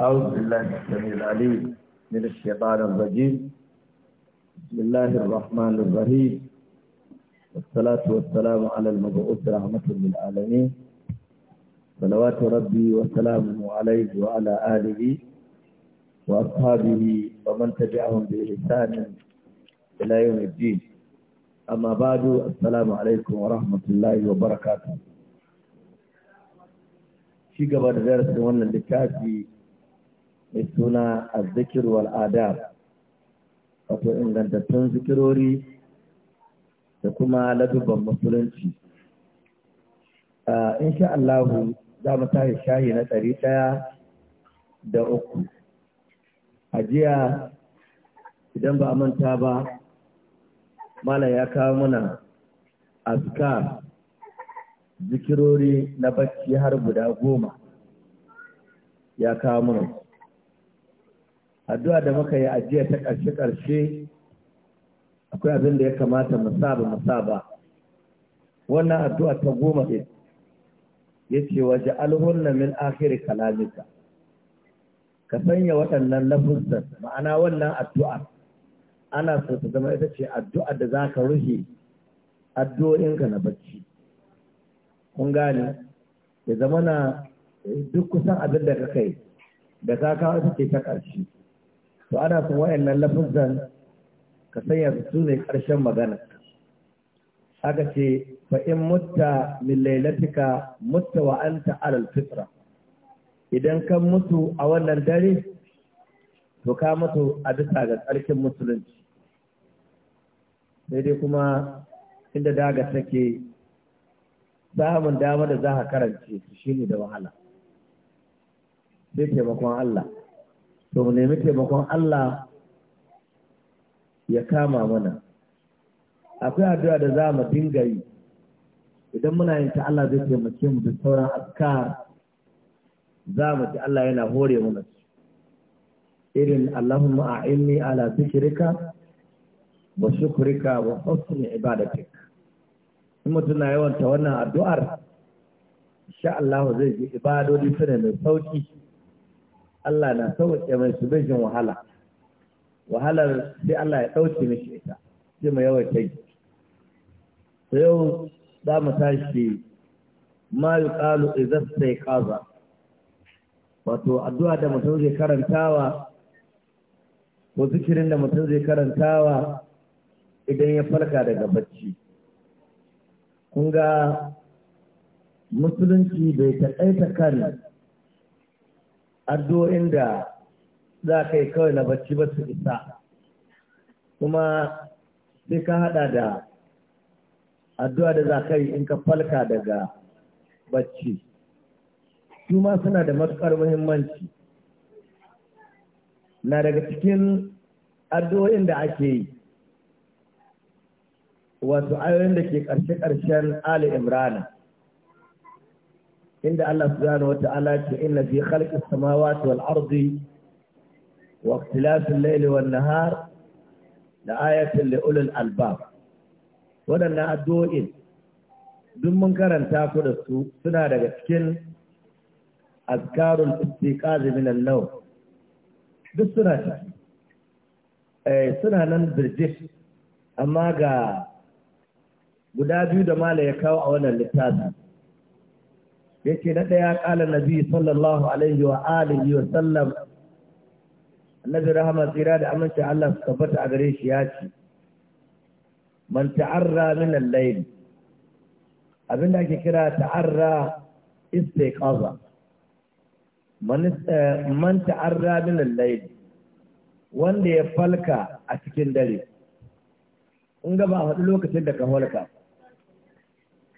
أعوذ بالله السميع العليم من الشيطان الرجيم بسم الله الرحمن الرحيم والصلاة والسلام على المبعوث رحمة للعالمين صلوات ربي وسلامه عليه وعلى آله وأصحابه ومن تبعهم بإحسان إلى يوم الدين أما بعد السلام عليكم ورحمة الله وبركاته في قبل درس من الكافي mai suna azzikir wal adab wato ingantattun zikirori da kuma ladubban musulunci sha Allahu za mu tashi shahi na ɗari ɗaya da uku a jiya idan ba a manta ba malam ya kawo mana azkar zikirori na bacci har guda goma ya kawo mana addu'a da muka yi ajiya ta ƙarshe ƙarshe akwai abin da ya kamata mu saba mu saba wannan addu'a ta goma ɗin ce waje alhunna min akhir kalamika ka sanya waɗannan lafuzzan ma'ana wannan addu'a ana so ta zama ita ce addu'a da za ka ruhe addu'o'inka na bacci kun gane ya zama duk kusan abin da ka kai da ka kawo ta ce ta ƙarshe to ana son wa'annan lafazan ka sanya su su ne ƙarshen magana aka ce fa in mutta min lailatika mutta wa anta alal fitra idan kan mutu a wannan dare to ka mutu a bisa ga tsarkin musulunci sai dai kuma inda daga take samun dama da za ka karance su shine da wahala sai taimakon Allah to mu nemi taimakon Allah ya kama mana akwai addu'a da za mu dinga yi idan muna yin ta Allah zai taimake mu da sauran askar za mu ji Allah yana hore mana irin Allahumma a'inni ala zikrika wa shukrika wa husni ibadatik in mutum na yawan ta wannan addu'ar insha Allah zai ji ibadodi sune mai sauki Allah na sauƙaƙe mai su bai wahala wahalar sai Allah ya ɗauke mishi ita sai mu yawan kai sai yau za mu tashi ma yuqalu sai ƙaza. wato addu'a da mutum zai karantawa ko zikirin da mutum zai karantawa idan ya farka daga bacci kun ga musulunci bai taƙaita kan addu'o'in da za ka yi kawai na bacci ba su isa kuma sai ka hada da addu'a da za ka yi in ka falka daga bacci su suna da matuƙar muhimmanci na daga cikin addu'o'in da ake yi wato ayoyin da ke ƙarshe-ƙarshen Ali Imrana. inda Allah subhanahu wata'ala ce inna fi khalqis samawati wal ardi wa ikhtilafil layli wan nahar la ayatin li ulil albab wadanna addu'o'in duk mun karanta ku da su suna daga cikin azkarul istiqaz min an duk suna eh suna nan birjif amma ga guda biyu da mala ya kawo a wannan littafin ce na daya kala nabi sallallahu alaihi wa alihi wa sallam annabi rahama tsira da amince Allah su tabbata a gare shi ya ce man ta'arra min al-layl abinda ake kira ta'arra istiqaza man eh, man ta'arra min al-layl wanda ya falka a cikin dare in ga ba faɗi lokacin da ka falka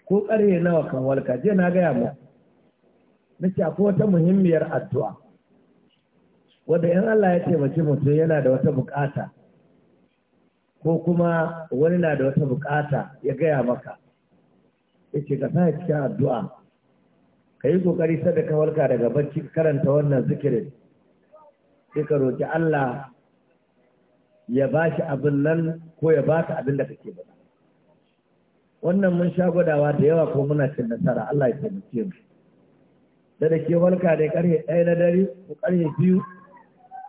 ko ƙarfe nawa ka falka je na gaya mu. nake akwai wata muhimmiyar addu'a wanda in Allah ya taimaki mutum yana da wata bukata ko kuma wani na da wata bukata ya gaya maka yace ka sa cikin addu'a ka yi kokari ka warka daga bacci karanta wannan zikirin sai ka roki Allah ya bashi abin nan ko ya baka abin da kake ba. wannan mun sha gwadawa da yawa ko muna cin nasara Allah ya taimake mu da da ke walka da karfe ɗaya na dare ko karfe biyu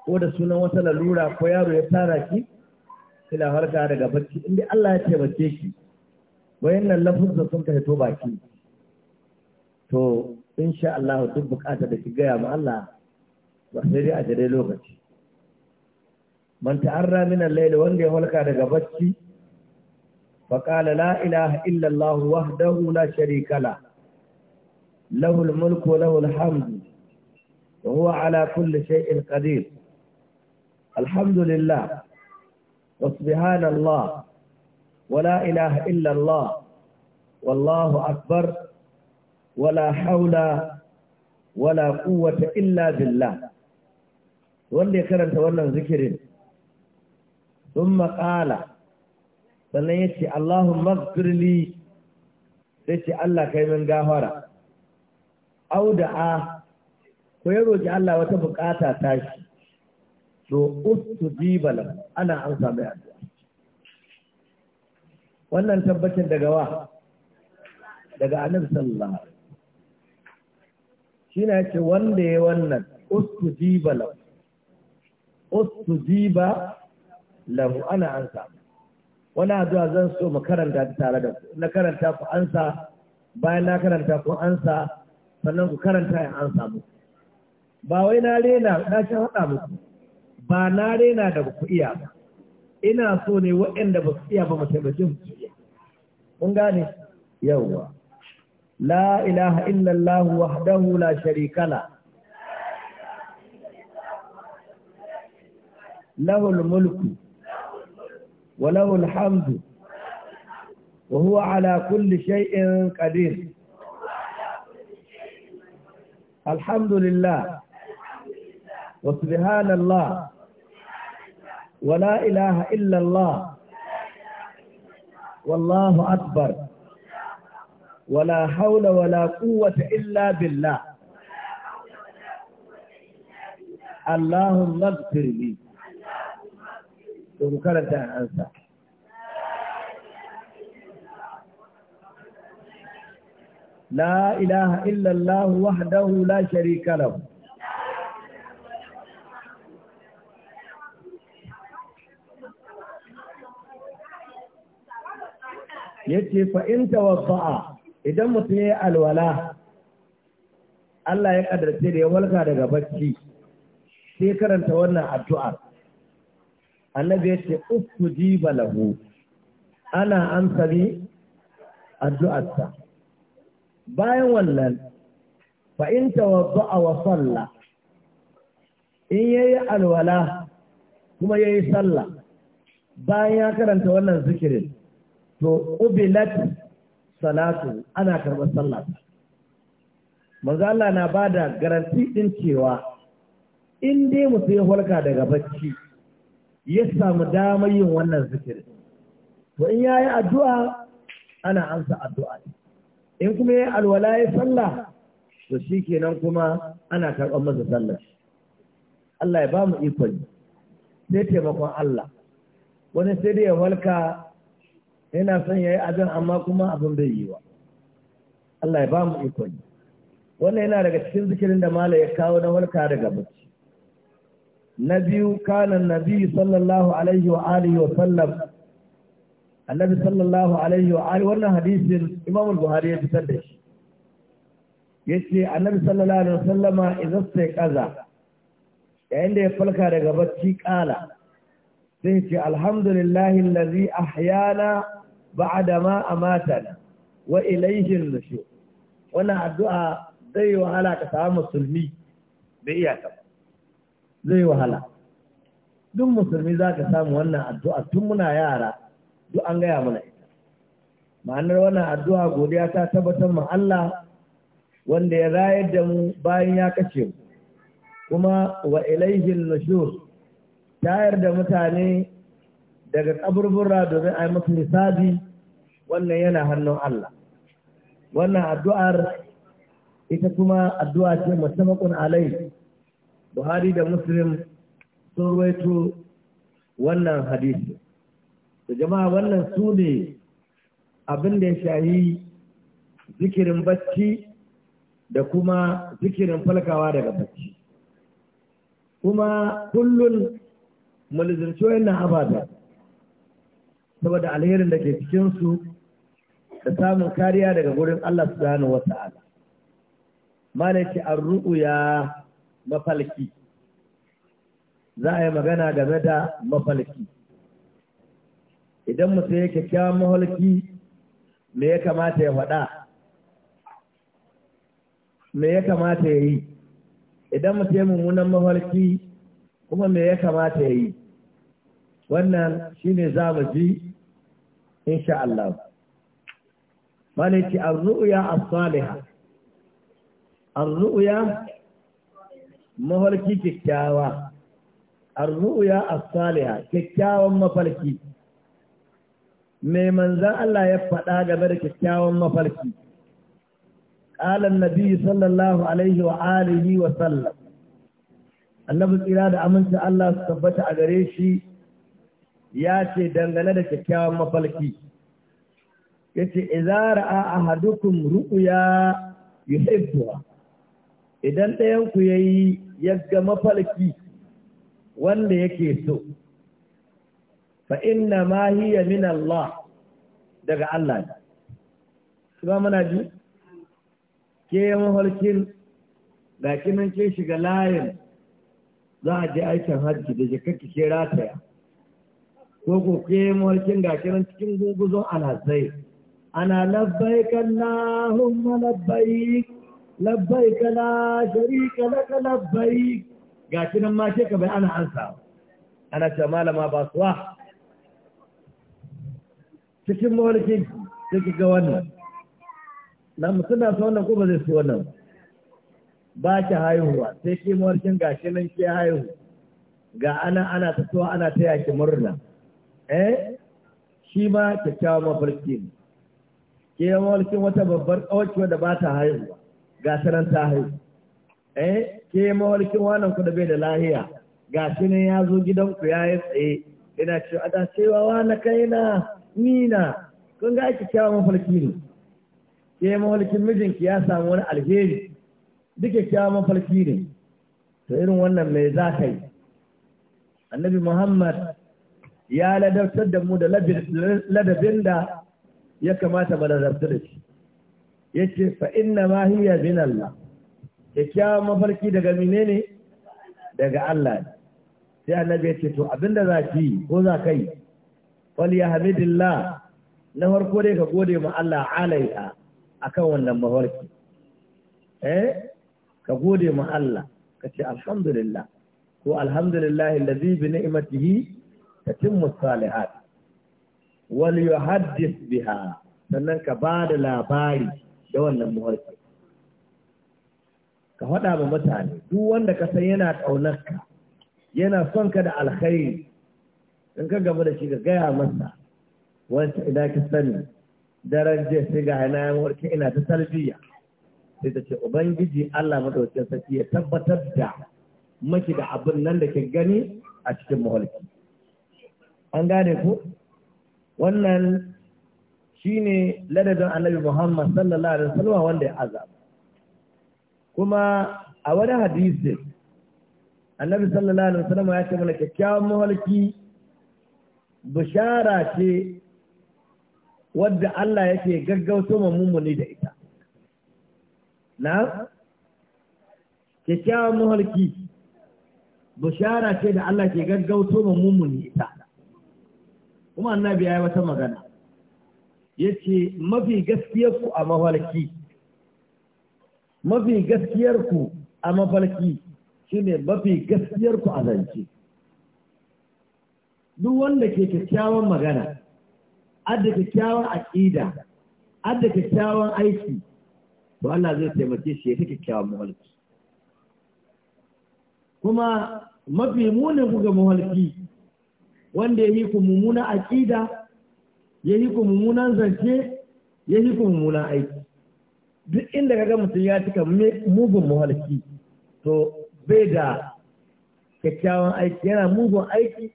ko da sunan wata lalura ko yaro ya tara ki kina harka daga barci inda Allah ya taimake ki wayannan lafuzza sun ka to baki to insha Allah duk bukata da ki gaya ma Allah ba sai dai a dare lokaci man ta'arra min al-layl wanda ya walka daga barci fa qala la ilaha illa Allah wahdahu la sharika lahu له الملك وله الحمد وهو على كل شيء قدير الحمد لله وسبحان الله ولا إله إلا الله والله أكبر ولا حول ولا قوة إلا بالله wanda ya karanta wannan zikirin sun maƙala sannan ya ce Allahun magfirli sai ce Allah kai min gafara auda'a ko ya roƙi Allah wata bukata ta shi to ustu lahu ana an samu addu'a wannan tabbacin daga wa daga annabi sallallahu alaihi shine yace wanda ya wannan ustujiba ustu jiba lahu ana an samu wani addu'a zan so mu karanta tare da ku na karanta ku ansa bayan na karanta ku ansa sannan ku karanta ya an samu ba wai na rena na shi haɗa muku ba na rena da ku iya ba ina so ne waɗanda ba su iya ba mu taimake su iya kun gane yawwa la ilaha illallah wahdahu la sharika la له الملك وله الحمد وهو على كل شيء قدير الحمد لله وسبحان الله ولا إله إلا الله والله أكبر ولا حول ولا قوة إلا بالله اللهم اغفر لي ثم كرت أنسى لا إله إلا الله وحده لا شريك له yace fa in tawaffa'a idan mutum ya alwala Allah ya kadarce da ya walka daga bacci sai karanta wannan addu'a annabi yace jiba lahu ana amsali addu'arsa bayan wannan fa in tawadda'a wa salla in yayi alwala kuma yayi sallah bayan ya karanta wannan zikirin to ubilat salatu ana karɓar salla manzo Allah na bada garanti ɗin cewa in dai mutum ya hulka daga bacci ya samu damar yin wannan zikirin to in yayi addu'a ana amsa addu'a in kuma ya alwala ya sallah to shi kenan kuma ana karɓar masa sallah Allah ya ba mu ikon sai taimakon Allah wani sai da ya walka yana son ya yi abin amma kuma abin bai yi wa Allah ya ba mu ikon wannan yana daga cikin zikirin da mala ya kawo na walka daga mutu na biyu kanan nabi sallallahu alaihi wa alihi wa sallam annabi sallallahu alaihi wa alihi wannan hadisin imam al buhari ya fitar da shi yace annabi sallallahu alaihi wasallama idza sai kaza yayin da ya falka daga bacci kala sai ce alhamdulillahi allazi ahyana ba'da ma amatana wa ilayhi nushur wannan addu'a zai yi wahala ka samu musulmi da iyaka zai yi wahala duk musulmi za ka samu wannan addu'a tun muna yara duk an gaya mana ita ma'anar wannan addu'a godiya ta tabbatar ma Allah wanda ya rayar da mu bayan ya kashe mu kuma wa ilaihin nushur tayar da mutane daga kaburbura domin a yi musu hisabi wannan yana hannun Allah wannan addu'ar ita kuma addu'a ce musamman alai Buhari da Muslim sun ruwaito wannan hadisi da jama'a wannan su ne abin da ya shayi zikirin bacci da kuma zikirin falkawa daga bacci kuma kullun mulzirci wannan abada saboda alherin da ke cikinsu da samun kariya daga gurin Allah subhanahu wasu ala malaki ruuya mafalki za a yi magana game da mafalki idan mutum ya kyakkyawan mahalki me ya kamata ya faɗa me ya kamata ya yi idan mutum ya mummunan mahalki kuma me ya kamata ya yi wannan shi ne za mu ji insha Allah malaki ar-ru'ya as-salihah ar-ru'ya mahalki kyakkyawa ar-ru'ya as-salihah kyakkyawan mafalki mai manzan Allah ya faɗa game da kyakkyawan mafarki ƙalan nabi sallallahu alaihi wa alihi wa sallam annabi tsira da aminci Allah su tabbata a gare shi ya ce dangane da kyakkyawan mafarki ya ce izara a ahadukum ru'uya yuhibbuha idan ɗayanku ya yi yagga mafarki wanda yake so fa inna ma hiya min Allah daga Allah ne su ba muna ji ke mafarkin ga kinan ke shiga layin za a je aikin hajji da jikarki ke rataya ko ko ke mafarkin ga kinan cikin gunguzon alhazai ana labbai Allahumma labbaik labbaik la sharika laka labbaik ga kinan ma ke ka bai ana ansa ana ce malama ba suwa cikin mawarki sai ki ga wannan na mutuna su wannan kuma ba zai su wannan ba ki haihuwa sai ki mawarkin shi nan ki haihu ga ana ana ta tasowa ana ta yaki murna eh shi ma kyakkyawan mafarki ne ke yi mawarkin wata babbar tsawaki wadda ba ta haihuwa ga nan ta haihu eh ke yi mawarkin wannan ku da bai da lahiya ga shi ne ya zo gidanku ya yi tsaye ina cewa a da cewa wa na kaina nina kun ga ake kyawa mafarki ne ke mafarkin mijinki ya samu wani alheri duke kyawa mafarki ne to irin wannan mai za ka yi annabi muhammad ya ladabtar da mu da ladabin da ya kamata mu ladabta da shi ya ce fa inna ma hiya bin Allah kyakkyawan mafarki daga mine daga Allah sai annabi ya ce to abinda za ki ko za ka yi falyahmidillah na farko dai ka gode ma Allah alaiha akan wannan mafarki eh ka gode ma Allah ka ce alhamdulillah ko alhamdulillah allazi bi ni'matihi tatimmu salihat wal yuhaddith biha sannan ka bada labari da wannan mafarki ka faɗa ma mutane duk wanda ka san yana ƙaunarka yana son ka da alkhairi in ka gamu da shi ka gaya masa wancan ina ka sani daren jiya sai ga hana warke ina ta talbiya sai ta ce ubangiji Allah madaukakin sarki ya tabbatar da maki da abin nan da ke gani a cikin mahalki an gane ku wannan shine ladabin annabi Muhammad sallallahu alaihi wasallam wanda ya azaba kuma a wani hadisi annabi sallallahu alaihi wasallam ya ce mana kyakkyawan mahalki bishara ce wadda Allah yake gaggauto ma mummuni da ita na kyakkyawan muhalki bishara ce da Allah ke gaggauto ma mummuni ita kuma annabi ya yi wata magana ya ce mafi gaskiyarku a mafarki mafi gaskiyarku a mafarki shine mafi gaskiyarku a zance duk wanda ke kyakkyawan magana adda kyakkyawan aƙida adda kyakkyawan aiki to Allah zai taimake shi ya fi kyakkyawan muhalki kuma mafi munin kuga ga wanda ya yi ku mummunan aƙida ya yi ku mummunan zance ya yi ku mummunan aiki duk inda ga mutum ya cika mugun muhalki to bai da kyakkyawan aiki yana mugun aiki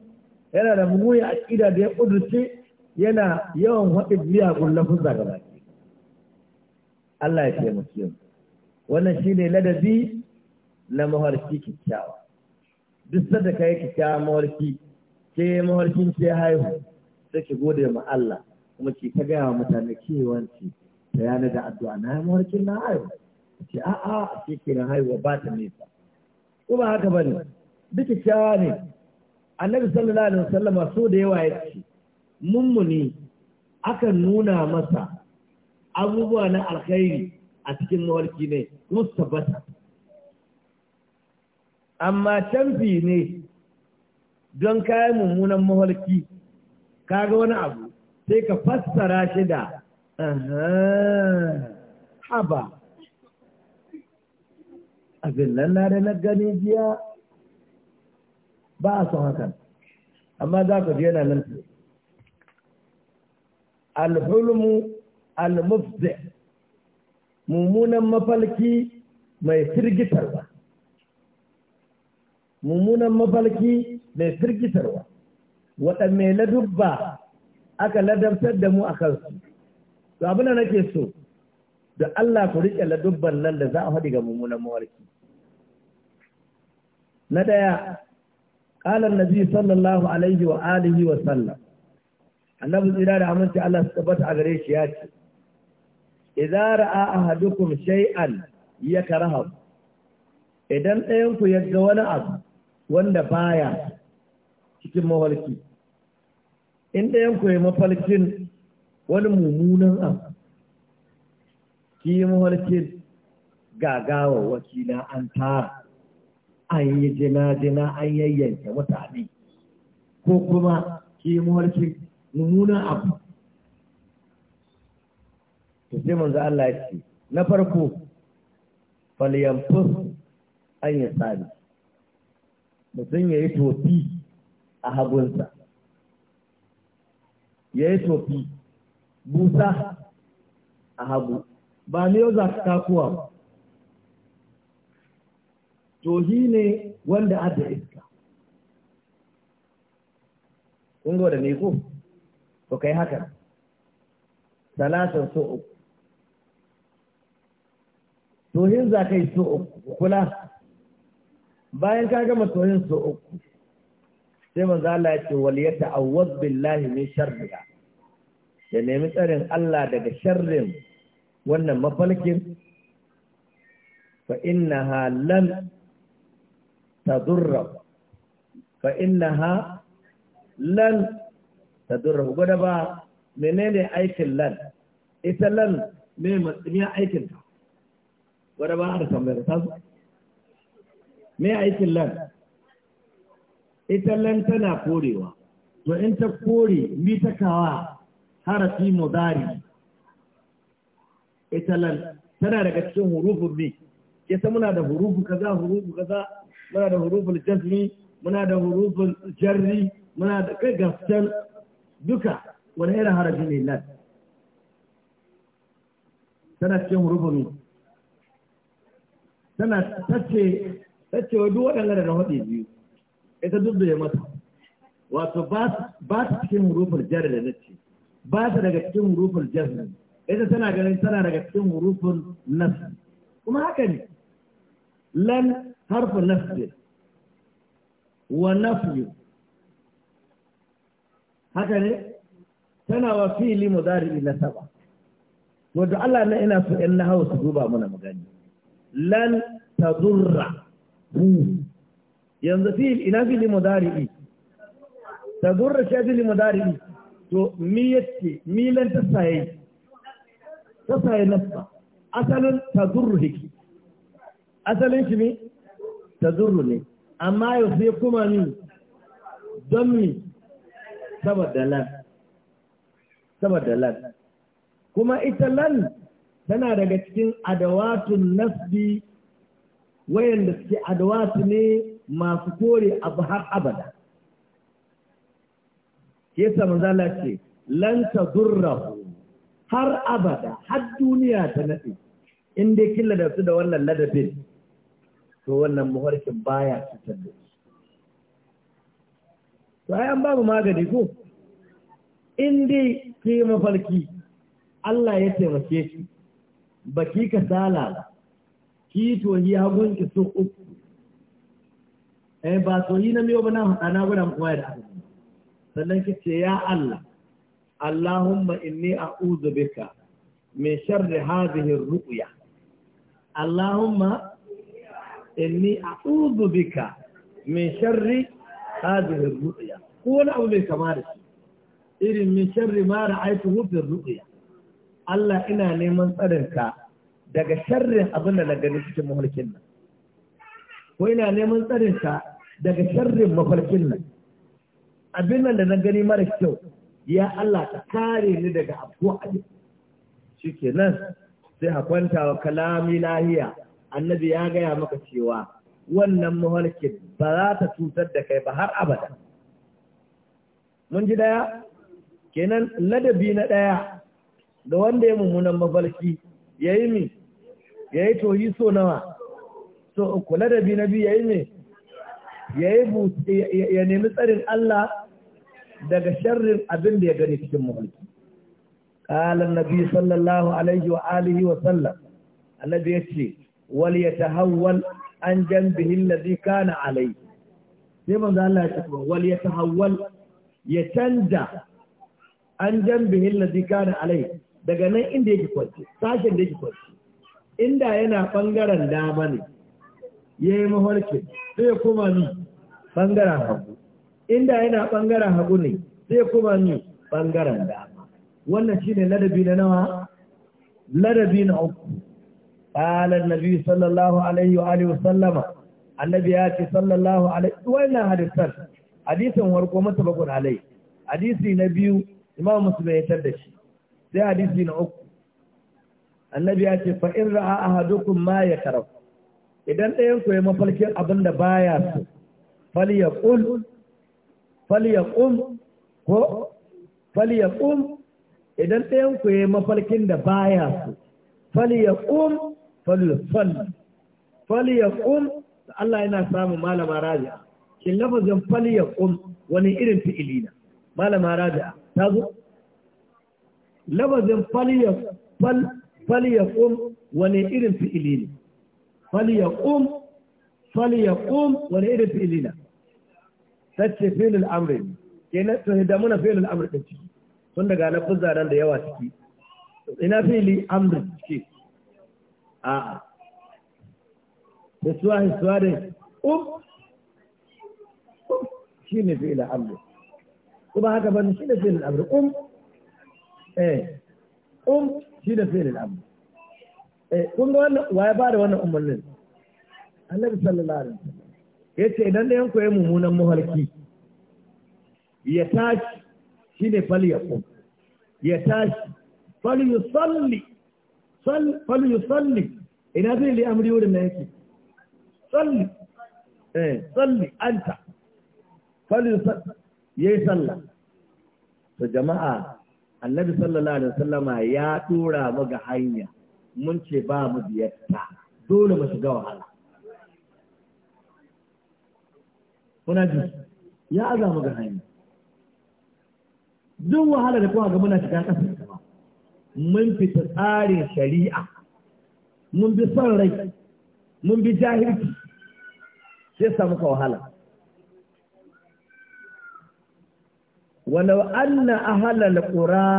yana da a aƙida da ya ƙudurce yana yawan haɗin miyagun lafuzza ga baki Allah ya taimake mu wannan shi ne ladabi na maharki kyakkyawa duk sadda yi kyakkyawa maharki ke maharkin ce haihu sai ki gode ma Allah kuma ki ta gaya wa mutane kewanci ta yana da addu'a na maharkin na haihu ce a'a ke kiran haihuwa ba ta nesa haka ba haka bane duk kyakkyawa ne annabi sallallahu alaihi wasallama so da yawa ya mummuni akan nuna masa abubuwa na alkhairi a cikin mawarki ne mustabata amma canfi ne don kayan mummunan mawarki kaga wani abu sai ka fassara shi da haba abin nan na gani jiya ba a son hakan amma za ka ji yana nan alhulmu almufzi mummunan mafalki mai firgitarwa mummunan mafalki mai firgitarwa waɗanne ladubba aka ladabtar da mu a kansu to abin da nake so da Allah ku riƙe ladubban nan da za a faɗi ga mummunan mawarki na ɗaya Ƙalar Nabi sallallahu Alaihi wa alihi wa sallam, annabi tsira da aminci Allah su tabbata a gare shi ya ce, Iza ra'a ahadukum shay'an ya karaha idan ɗayan ku ga wani abu wanda baya cikin mafarki, in ɗayanku ya mafalkin wani mummunan abu, ki yi mafarkin gagawa wakila an tara. an yi jina-jina an yayyanta mutane ko kuma ki mawarki mummunan abu to sai manzo Allah ya ce na farko falyanfus an yi tsari, mutum ya yi tofi a hagunsa ya yi tofi busa a hagu ba ne yau za ka takuwa to shi ne wanda adda iska Kungo da me ko ku kai haka Talatin so uku tohin za ka yi so uku kula bayan ka gama tohin so uku sai maza Allah ya ce wal yata'awwaz billahi min sharriya, ya nemi tsarin Allah daga sharrin wannan mafalkin fa innaha lam tadurra fa innaha lan tadurra gwada ba menene aikin lan ita lan me matsayin aikin ta gwada ba har tambayar ta su me aikin lan ita lan tana korewa to in ta kore mi ta kawa harafi mudari ita lan tana daga cikin hurufin yasa muna da hurufu kaza hurufu kaza muna da huruful jazmi muna da huruful jarri muna da kai gaskan duka wani irin harafi ne nan tana cikin hurufu ne tana tace tace wa duk waɗanda da haɗe biyu ita duk da ya mata wato ba ta cikin huruful jarri da nace ba ta daga cikin huruful jazmi ita tana ganin tana daga cikin huruful nas kuma haka ne lan harfu nafsi wa nafyu haka ne tana wa fili mudari na saba wato Allah na ina na hawa su duba mana magani lan tadurra hu yanzu fil ina fili mudari tadurra shi fili mudari to asalin tadurru asalin shi ne ta zurru ne amma yau sai kuma ni don mi saboda lan saboda lan kuma ita lan tana daga cikin adawatun nasbi wayanda suke adawatu ne masu kore abu har abada ke samu zala ce lan ta zurrahu har abada har duniya ta nafi in dai killa da su da wannan ladabin to wannan mafarkin baya cutar da shi to ai an babu magani ko in dai ke mafarki Allah ya taimake shi. ba ki ka ba. ki to yi hagun ki so uku eh ba so yi na miyo ba na hada na gudan kuma da sannan ki ce ya Allah Allahumma inni a'udhu bika min sharri hadhihi ar-ru'ya Allahumma inni a بك min sharri هذه ar ko wani abu mai kama da shi irin min sharri ma ra'aytuhu fi ar-ru'ya Allah ina neman daga sharrin abin da na gani cikin mafarkin nan ko ina neman tsarinka daga sharrin mafarkin nan abin nan da na gani mara kyau ya Allah ka kare ni daga abu shi kenan sai a kwanta wa kalami lahiya annabi ya gaya maka cewa wannan mahalkin ba za ta cutar da kai ba har abada mun ji daya kenan ladabi na daya da wanda ya mummunan mafalki ya yi mi ya yi toyi so nawa so uku ladabi na biyu ya yi mi ya nemi tsarin Allah daga sharrin abin da ya gani cikin mahalki sallallahu Alaihi wa Alihi wa sallam, Annabi ya ce. waliyatahawwal an janbihi alladhi kana alayhi sai manzo Allah ya ce waliyatahawwal ya canza an janbihi alladhi kana alayhi daga nan inda yake kwance, sashen da yake kwance inda yana bangaren dama ne yayi mafarkin sai kuma ni bangaren hagu inda yana bangaren hagu ne sai kuma ni bangaren dama wannan shine ladabi na nawa ladabi na uku ƙalar nabi sallallahu alaihi wa alihi wasallama annabi ya ce sallallahu alaihi wannan hadisan hadisan warko mata bakon alai hadisi na biyu imam muslim ya tar da shi sai hadisi na uku annabi ya ce fa in ra'a ahadukum ma ya karab idan ɗayan ku ya mafalkin abin da baya so falyaqul falyaqum ko falyaqum idan ɗayan ku ya mafalkin da baya so falyaqum falyusal falyaqum Allah yana samun malama rabi'a shin lafazin falyaqum wani irin fi'ili ne malama rabi'a ta zo lafazin falyaqum wani irin fi'ili ne falyaqum falyaqum wani irin fi'ili ne tace fi'il amri kenan to da muna fi'il amri din ciki tun daga lafazan da yawa ciki ina fili amri ciki a'a Sai suwa suwa da um. um shi ne fi amri kuma haka ba shi ne fi amri um eh um shi ne fi amri eh kun ga wannan waye ba da wannan umarnin annabi sallallahu alaihi wasallam yace idan da yanku ya mummunan muhalki ya tashi shi ne fali ya tashi fal yusalli salli yusalli ina zai li amri wurin na yake salli eh salli anta falli ya yi tsalla to jama'a annabi sallallahu alaihi sallama ya tura mu ga hanya mun ce ba mu biyarta dole mu shiga wahala kuna ji ya aza mu ga hanya duk wahala da kuma ga muna shiga ƙasa mun fita tsarin shari'a mun bi son rai mun bi jahilci sai samu ka wahala walau anna ahlal ƙura,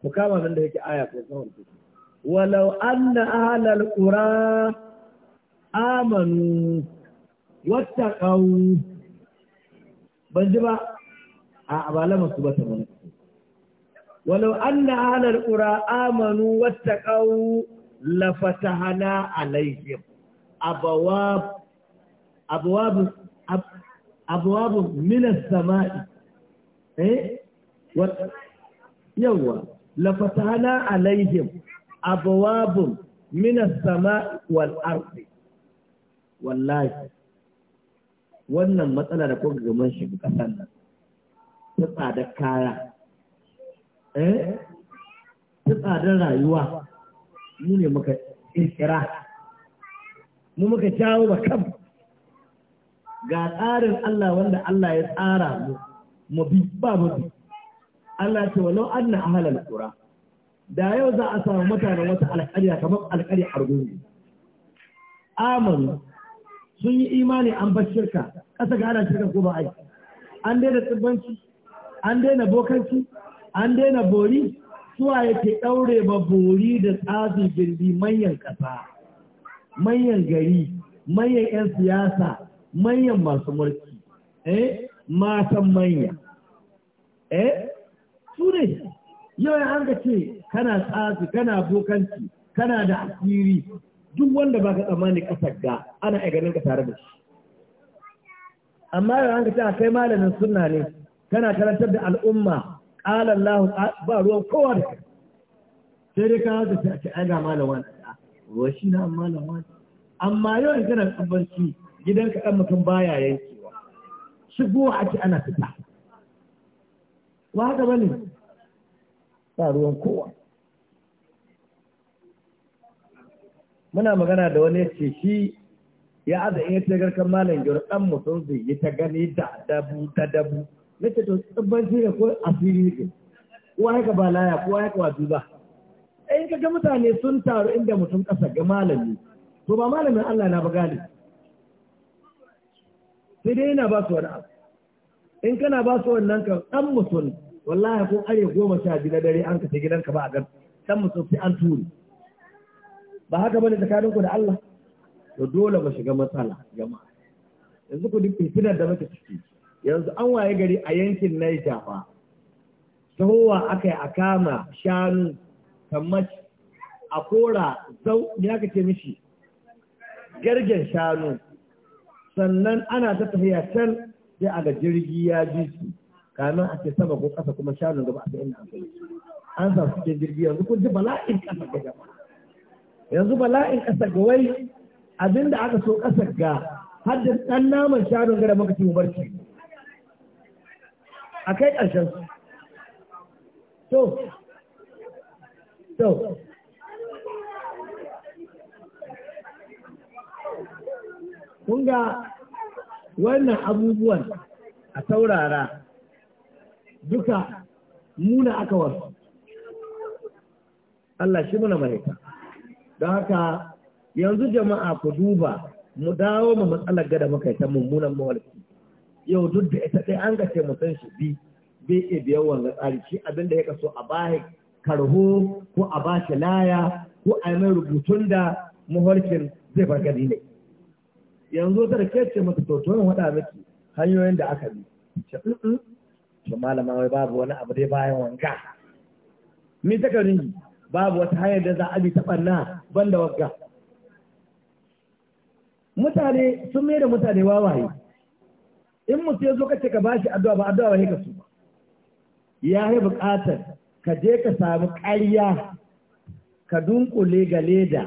ku kama nan da yake aya ko tsawon walau anna ahlal ƙura, amanu wattaqau ban ji ba a abalama su ba ta wani ولو أن أهل القرى آمنوا واتقوا لفتحنا عليهم أبواب أبواب أبواب من السماء samai eh yawa lafatahana alaihim abwab min as eh? wal wannan matsala da kuka gaman shi kasan nan ta tsada kaya eh ta tsadar rayuwa mu ne muka kirkira mu muka jawo ba kan ga tsarin Allah wanda Allah ya tsara mu mu bi ba mu bi Allah ce walau na ahalal qura da yau za a samu mutanen wata alƙarya kamar alƙarya argungu amanu sun yi imani an bar shirka ƙasa ga ana shirka ko ba ai an daina tsibbanci an daina bokanci an daina bori suwa yake ɗaure ba bori da tsafi birni manyan ƙasa manyan gari manyan 'yan siyasa manyan masu mulki eh matan manya eh su ne yau an kana tsafi kana bokanci kana da asiri duk wanda ba ka tsammani ƙasar ga ana iya ganin ka tare da shi amma yau an ka a kai malamin sunna ne kana karantar da al'umma ƙala Allah ba ruwan kowa da kai sai dai ka haka sai a ce ai ga malama na ruwa shi na malama amma yau in kana barci gidanka kaɗan mutum baya yankewa shigo a ce ana fita ba haka bane ba ruwan kowa muna magana da wani ce shi ya aza iya tagarkan malam gyar ɗan mutum zai yi ta gani da dabu da dabu nace to tsabbanci ne ko asiri ne kowa haka ba laya kowa haka wasu ba eh, in ka ga mutane sun taru inda mutum ƙasa ga malami to ba malamin Allah na ba gane sai dai yana ba su wani abu in kana ba su wannan kan ɗan mutum wallahi ko are goma sha biyu na dare an kace gidanka ba a gan Ɗan mutum sai an turi ba haka bane tsakanin ku da Allah to dole ba shiga matsala jama'a yanzu ku duk fitinar da muke ciki yanzu an waye gari a yankin Niger fa tahowa aka yi a kama shanu kamar a kora zau ya ka ce mishi gargen shanu sannan ana ta tafiya can sai a ga jirgi ya ji su kamar a ce sama ko ƙasa kuma shanun gaba a ta inda an an sa cikin jirgi yanzu kun ji bala'in ƙasa ga gaba yanzu bala'in ƙasa ga wai abinda aka so ƙasa ga har da ɗan naman shanun gara muka ci mu barci a kai ƙarshen su to to kun ga wannan abubuwan a taurara duka muna aka wasu Allah shi muna mahaifa don haka yanzu jama'a ku duba mu dawo mu matsalar gada muka yi ta mummunan mawalki yau duk da ita ɗaya an gace mu san shi bi bi iya biyan wannan tsari shi abin da ya kaso a bahi karho ko a ba shi laya ko a yi mai rubutun da mafarkin zai gani ne yanzu ta da ke ce mata to tun faɗa miki hanyoyin da aka bi ce to malama wai babu wani abu dai bayan wanka. Me ta ringi babu wata hanyar da za a bi ta banna ban da mutane sun mai da mutane wawaye in mutum ya zo kace ka bashi addu'a ba addu'a ba ka su ba ya yi buƙatar ka je ka samu ƙarya ka dunkule ga leda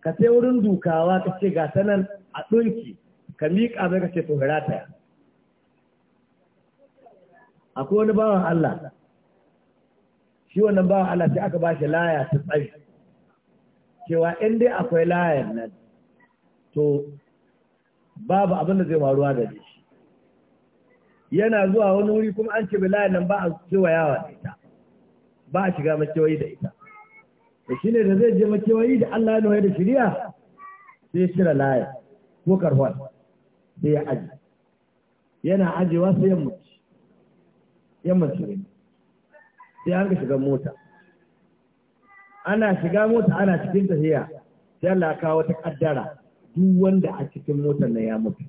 ka sai wurin dukawa ka ce ga sanan a ɗunki ka miƙa mai ka ce to ta akwai wani bawan Allah shi wannan bawan Allah sai aka bashi laya ta tsari cewa in dai akwai layan nan to babu abin da zai waruwa da yana zuwa wani wuri kuma an ce bilaya nan ba a kewayawa da ita ba a shiga makewayi da ita da shi ne da zai je makewayi da Allah ya da shirya sai shira laya ko karfan sai ya aji yana ajewa sai yammaci yammaci ne sai an ga shiga mota ana shiga mota ana cikin tafiya sai Allah ya kawo ta kaddara duk wanda a cikin motar na ya mutu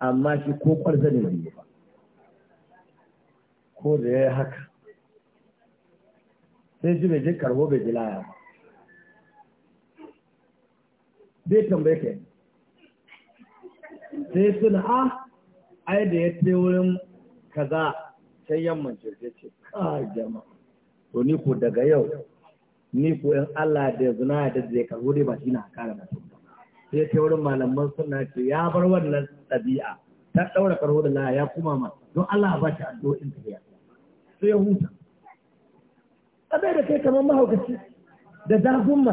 amma shi ko kwarza ne ba ko da ya yi haka sai shi bai ji karbo bai ji laya ba zai tambaye ka sai suna a ah, ai da ya ce wurin kaza sai yamman jirgin ce ka jama to ni ko daga yau ni ko in Allah da zuna da zai karbo dai ba shi na kara mutum sai ta wurin malaman suna ce ya bar wannan ɗabi'a ta ɗaura karo da laya ya kuma ma don Allah ba shi addu'o'in tafiya sai ya huta abai da kai kamar mahaukaci da zafin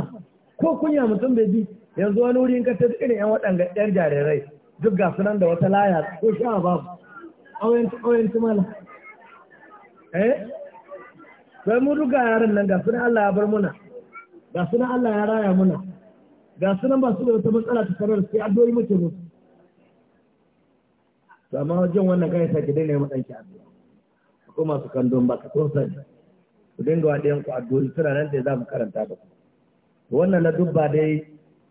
ko kunya mutum bai bi yanzu wani wuri in ka ta irin yan waɗanda ɗan jarirai duk ga sunan da wata laya ko sha babu auyen auyen tumala eh sai mu duka yaran nan ga sunan Allah ya bar muna ga sunan Allah ya raya muna ga sunan ba su da wata matsala ta sarar sai addu'o'i muke musu amma wajen wannan kai sake daina mu danki addu'a akwai masu kandon ba ka kun sani ku dinga wa ɗayan ku addu'o'i suna nan da za mu karanta da ku wannan na dubba dai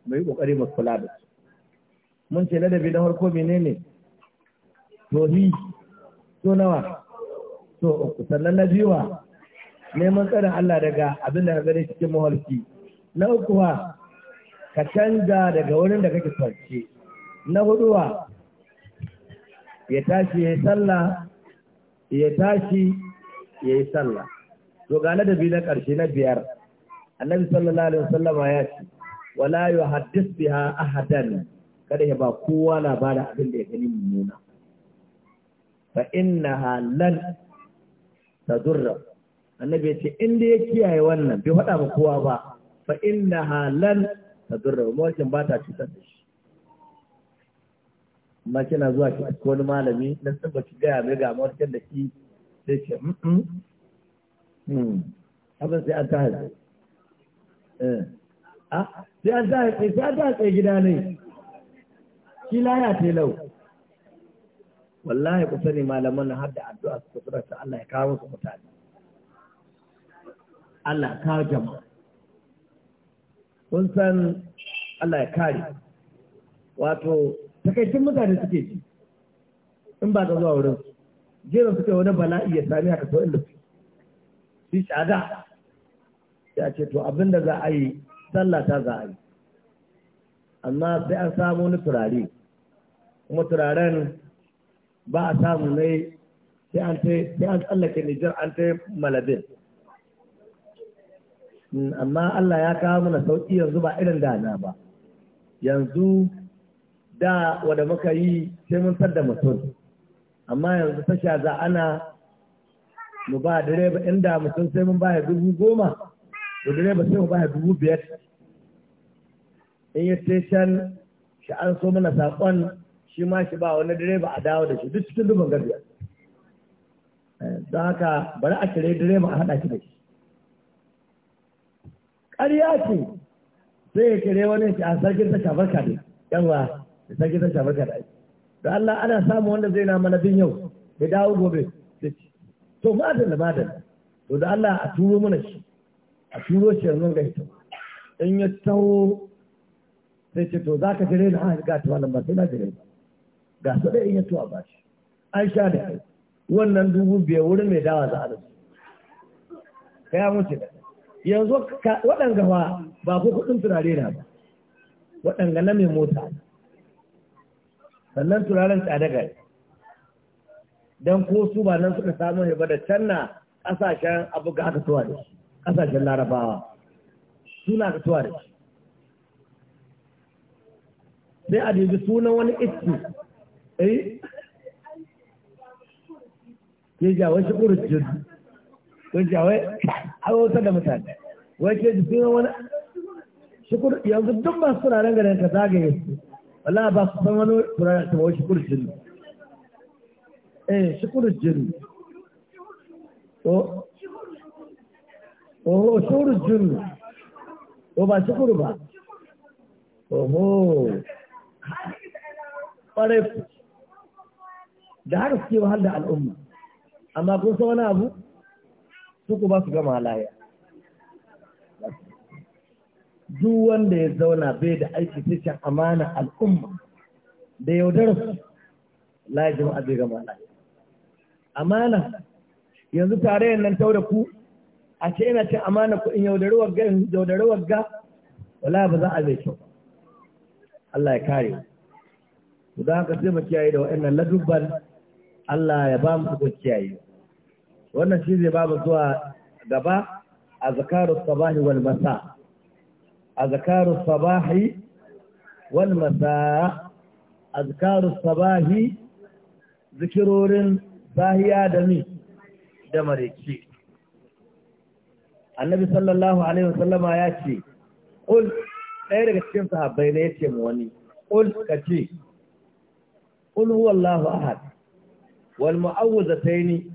mu yi kokari mu kula da su mun ce ladabi na farko menene tohi so nawa so uku sannan na biyuwa neman tsarin Allah daga abin da ka gani cikin mahalki na uku wa ka canza daga wurin da kake farce na hudu wa ya tashi ya yi sallah ya tashi ya yi sallah to ga ladabi na ƙarshe na biyar annabi sallallahu alaihi wasallam ya ce wala yuhaddis biha ahadan kada ya ba kowa labarin abin da ya gani mummuna fa innaha lan tadurra annabi ya ce in da ya kiyaye wannan bai faɗa ba kowa ba fa innaha lan tadurra mu wancan ba ta cutar da shi amma kina zuwa ki ko wani malami na san baki gaya mai ga mawarkin da ki sai ce mm hmm. abin sai an ta haɗe eh. sai an ta haɗe sai an ta haɗe gida ne shi laya telau wallahi ku sani malaman na har da addu'a su kusurar ta Allah ya kawo musu mutane Allah ya kawo jama'a kun san Allah ya kare wato Sakaicin mutane suke ci in ba ka zuwa wurin jerin suke wani bala'i ya sami haka sau inda su shi tsada ya ce to abinda za a yi sallah ta za a yi amma sai an samu wani turare kuma turaren ba a samu ne sai an tsallake Nijar an ta malabin amma Allah ya kawo mana sauki yanzu ba irin da na ba yanzu da wadda muka yi sai mun sadda mutum amma yanzu tasha za ana mu ba direba inda mutum sai mun baya dubu goma da direba sai mu baya dubu biyar in yi station shi an so mana saƙon shi ma shi ba wani direba a dawo da shi duk cikin dubin gabiya eh, don haka bari a kire direba a haɗa shi da shi ƙarya ce sai ya kire wani shi a sarkin ta shafar kare yawa Sai sake zan ta barka da aiki da Allah ana samu wanda zai na mana bin yau ya dawo gobe to da madalla to da Allah a turo mana shi a turo shi yanzu ga ita in ya taho sai ce to za ka jire na ah, haka ga tuwa nan ba sai na jire ba ga su da in ya tuwa ba shi an sha da kai wannan dubu biyar wurin mai dawa za a da su kaya mutu da yanzu waɗanga ba ba ko kuɗin turare na ba waɗanga na mai mota ne sannan turaren tsadagar don ko su ba nan suka samu ne ba da can na ƙasashen abu ga aka tuwa da shi kasashen larabawa suna ka tuwa da shi sai a dubi sunan wani iski eh ke jawai shi kurujin ko jawai aiwatar da mutane wai ke ji sunan wani shi yanzu duk masu turaren garin ka zagaye su Wala ba su san wani ƙur'ani ta wani shukur jinnu eh shukur jinnu oh oho shukur jinnu oh ba shukuru ba oho ƙwarai da haka suke wahal da al'umma amma kun san wani abu su ku ba su gama halaya duk wanda ya zauna bai da aiki sai cin amana al'umma da yaudar su lajin abin gama lajin. amana yanzu tare yin nan tau da ku a ce ina cin amana ku in yaudari wagga wala ba za a zai kyau Allah ya kare ku da haka sai mu kiyaye da waɗannan ladubban Allah ya ba mu ku kiyaye wannan shi zai ba mu zuwa gaba a zakarar sabahi wal masa أذكار الصباح والمساء أذكار الصباح ذكرور باهي آدمي دمريكي النبي صلى الله عليه وسلم ياتي قل ɗaya daga cikin sahabbai ne ya ce mu wani ƙul ka ce ƙul huwa Allahu ahad wal mu'awwizataini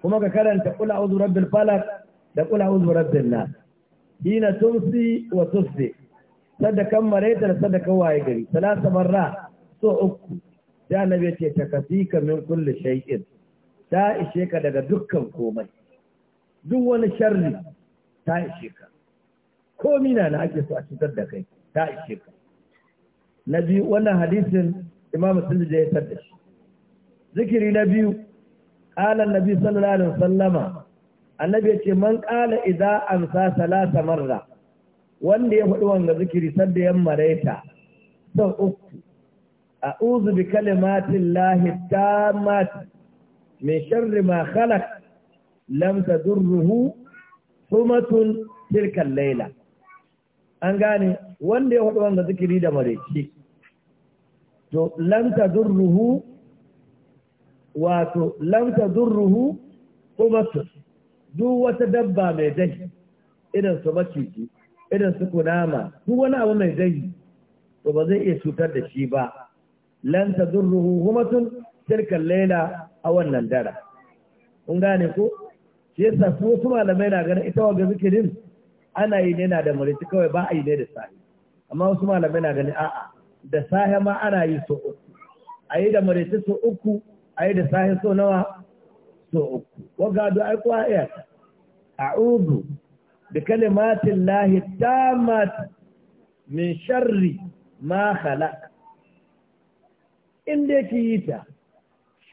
kuma ka karanta ƙul a'udhu rabbil falaq da ƙul a'udhu rabbin nas hina tumsi wa tusdi sadakan maraita da sadakan waye gari salasa marra so uku da annabi ce ta kasika min kulli shay'in ta ishe ka daga dukkan komai duk wani sharri ta ishe ka komi na na ake so a cutar da kai ta ishe ka na biyu wannan hadisin imamu sun da ya sadda shi zikiri na biyu ƙalan nabi sallallahu alaihi wasallama annabi ya ce man ƙala idza amsa salasa marra wanda ya faɗi wanga zikiri sadda yan maraita sau uku a'udhu bi kalimatin lahi tammat min sharri ma khalaq lam tadurruhu sumatun tilka laila an gane wanda ya faɗi wanga zikiri da maraici to lam tadurruhu wato lam tadurruhu sumatun duk wata dabba mai dahi irin su maciji irin su kunama duk wani abu mai dahi to ba zai iya cutar da shi ba lan tadurruhu humatun tilka laila a wannan dara kun gane ko shi yasa su wasu malamai na ganin ita suke zikirin ana yi ne na da mulki kawai ba a yi ne da sahi amma wasu malamai na ganin a'a da sahi ma ana yi so uku a yi da mulki so uku a yi da sahi so nawa so uku waga do ai kwa iya a'udhu bi kalimatin lahi tamat min sharri ma khalaq in dai ki yi ta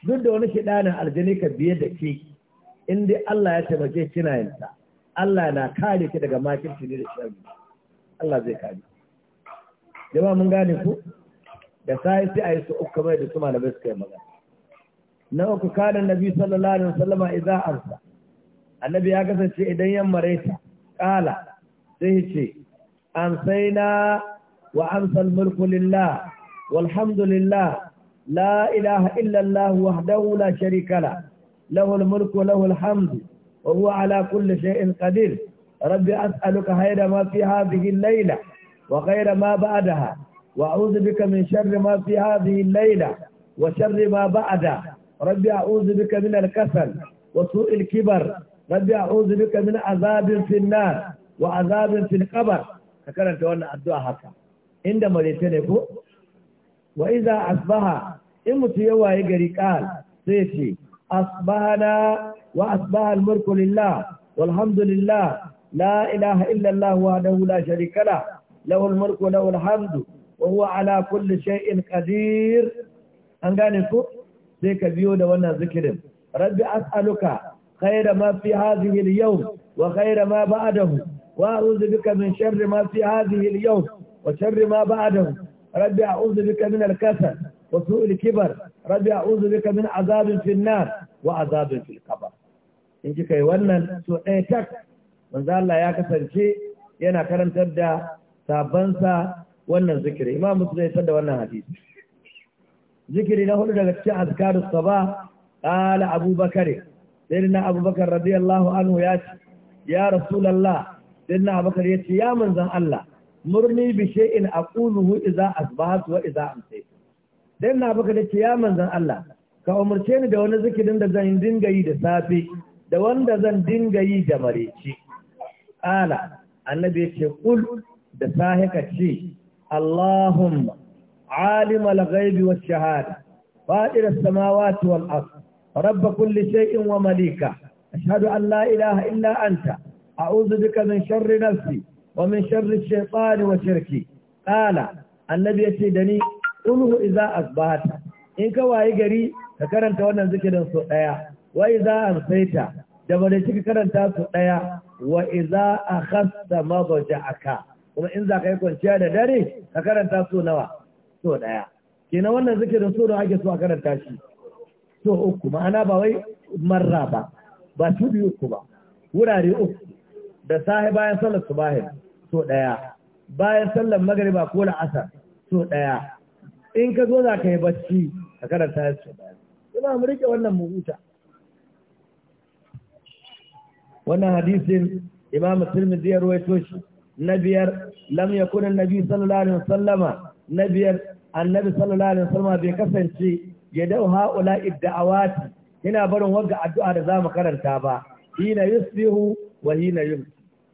duk da wani shidanin aljani ka biye da ke in Allah ya taimake kina yin ta Allah na kare ki daga makirci ne da sharri Allah zai kare jama'a mun gane ku da sai sai ayi su uku mai da su malamai suka yi magana na uku kana nabi sallallahu alaihi wasallama idza arsa annabi ya kasance idan ya mareta kala sai ce amsaina wa amsal mulku lillah walhamdulillah la ilaha illa allah wahdahu la sharika la lahu almulku wa lahu alhamdu wa huwa ala kulli shay'in qadir rabbi as'aluka hayra ma fi hadhihi al-layla wa ghayra ma ba'daha wa a'udhu bika وأعوذ بك من شر ما في wa sharri ma ما rabbi a'udhu bika min من الكسل وسوء الكبر rabbi a'udhu bika min azabin finnar wa azabin fil qabr ka karanta wannan addu'a haka inda marece ne ko wa iza asbaha in mutu ya waye gari qal sai ce asbahana wa asbaha al-mulku lillah walhamdulillah la ilaha illa allah wahdahu la sharika la lahu al-mulku lahu wa huwa ala kulli shay'in qadir an gane ko sai ka biyo da wannan zikirin rabbi as'aluka خير ما في هذه اليوم وخير ما بعده وأعوذ بك من شر ما في هذه اليوم وشر ما بعده رب أعوذ بك من الكسل وسوء الكبر رب أعوذ بك من عذاب في النار وعذاب in ji kai wannan so ɗaya tak manzo ya kasance yana karantar da sabonsa wannan zikiri imam muslim ya da wannan hadisi zikiri na hudu daga cikin azkarus saba qala abubakar sayyidina abubakar radiyallahu anhu ya ce ya rasulullah sayyidina abubakar ya ce ya manzon Allah murni bi shay'in aquluhu idza asbahtu wa idza amsaytu sayyidina abubakar ya ce ya manzon Allah ka umarce ni da wani zikirin da zan dinga yi da safe da wanda zan dinga yi da mareci ala annabi ya ce kul da sahe ka ce Allahumma alim al-ghaibi wash shahada fa'ir as-samawati wal ardh رب كل شيء ومليكه أشهد أن لا إله إلا أنت أعوذ بك من شر نفسي ومن شر الشيطان وشركي قال النبي يتدني قله إذا أصبحت إنك وايقري فكرنت وانا ذكر سؤايا وإذا أمسيت جبلتك كرنت سؤايا وإذا أخذت مضجعك kuma in za ka yi kwanciya da dare ka karanta so nawa so daya kenan wannan zikirin so da ake so a karanta shi so uku ma'ana ba wai marra ba ba su biyu uku ba wurare uku da sahi bayan sallar subahin so ɗaya bayan sallar magariba ko la'asar so ɗaya in ka zo za ka yi bacci ka karanta ya su ɗaya ina mu rike wannan mu huta wannan hadisin imam tirmidhi ya ruwaito shi na biyar lam yakun annabi sallallahu alaihi wasallama na biyar annabi sallallahu alaihi wasallama bai kasance ya dau haula idda'awati yana barin wagga addu'a da zamu karanta ba hina yusbihu wa hina yumsi